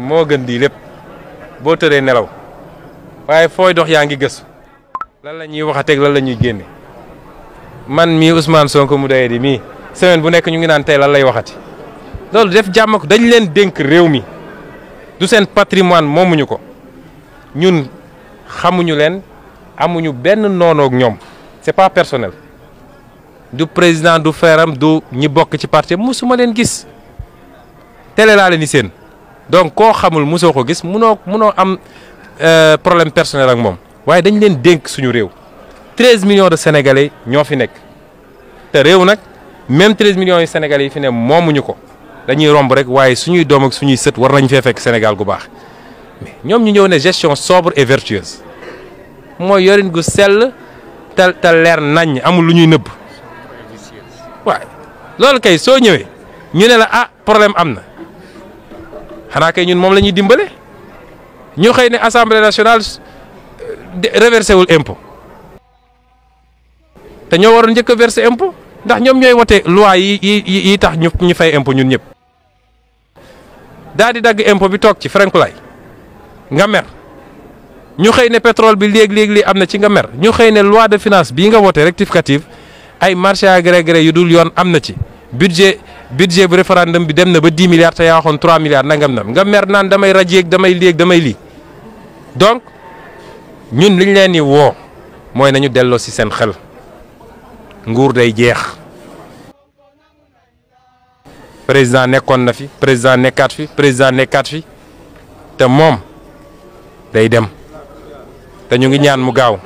moo gën di lépp boo tëree nelaw waaye fooy dox yaa ngi gës lan la ñuy waxateeg lan la ñuy génne man mii Ousmane Sonko mu doyee di mii semaine bu nekk ñu ngi naan tey lan lay waxati loolu def jàmm ko dañ leen dénk réew mi du seen patrimoine moomuñu ko ñun xamuñu leen amuñu benn noonoog ñoom c'est pas personnel du président du feeram du ñi bokk ci parti musuma leen gis télé laa leen di seen donc koo xamul mosoo ko gis munoo munoo am euh, problème personnel ak moom waaye dañ leen dénk suñu réew 13 million de sénégalais ñoo fi nekk te réew nag même 13 millions yu sénégalais yi fi ne moomuñu ko dañuy romb rek waaye suñuy doom ak suñuy sët war nañ fee fekk Sénégal gu baax mais ñoom ñu ñëw ne gestion sobre et vertueuse mooy yorin gu sell te te leer naññ amul lu ñuy nëbb waaw loolu kay soo ñëwee ñu ne la ah problème am na. xanaa kay ñun moom la ñuy dimbale ñu xëy ne assemblée nationale reversé wul impôt te ñoo waroon njëkk a versé ndax ñoom ñooy wote loi yi yi yi tax ñu ñu fay impôt ñun ñëpp daa di dagg impôt bi toog ci Franklay nga mer ñu xëy ne pétrole bi léeg léegi li am na ci nga mer ñu xëy ne loi de finance bii nga wote rectificative ay marché à gré gré yu dul yoon am na ci budget bu référendum bi dem na ba 10 milliards te yaa waxoon 3 milliards nangam nam nga mer naan damay rajeeg damay léeg damay lii donc ñun liñ leen di woo mooy nañu delloo ci seen xel nguur day jeex. président nekkoon na fi président nekkaat fi président nekkaat fi te moom day dem te ñu ngi ñaan mu gaaw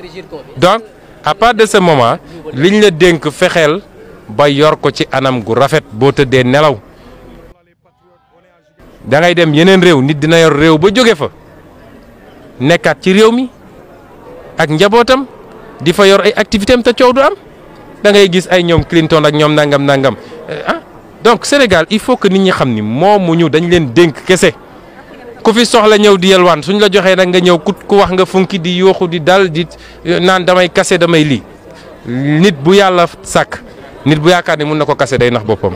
donc à de ce moment liñ la dénk fexeel. ba yor ko ci anam gu rafet boo tëddee nelaw da ngay dem yeneen réew nit dina yor réew ba jóge fa nekkaat ci réew mi ak njabootam di fa yor ay activité te coow du am da ngay gis ay ñoom Clinton ak ñoom nangam nangam eh, ah, donc Sénégal il faut que nit ñi xam ni mu moomuñu dañ leen dénk kese ku fi soxla ñëw di yalwaan suñ la joxee nag nga ñëw ku ku wax nga funki di yooxu di dal di naan damay kase damay lii nit bu yàlla sàkk. nit bu yaakaar ne mun na ko kase day nax boppam.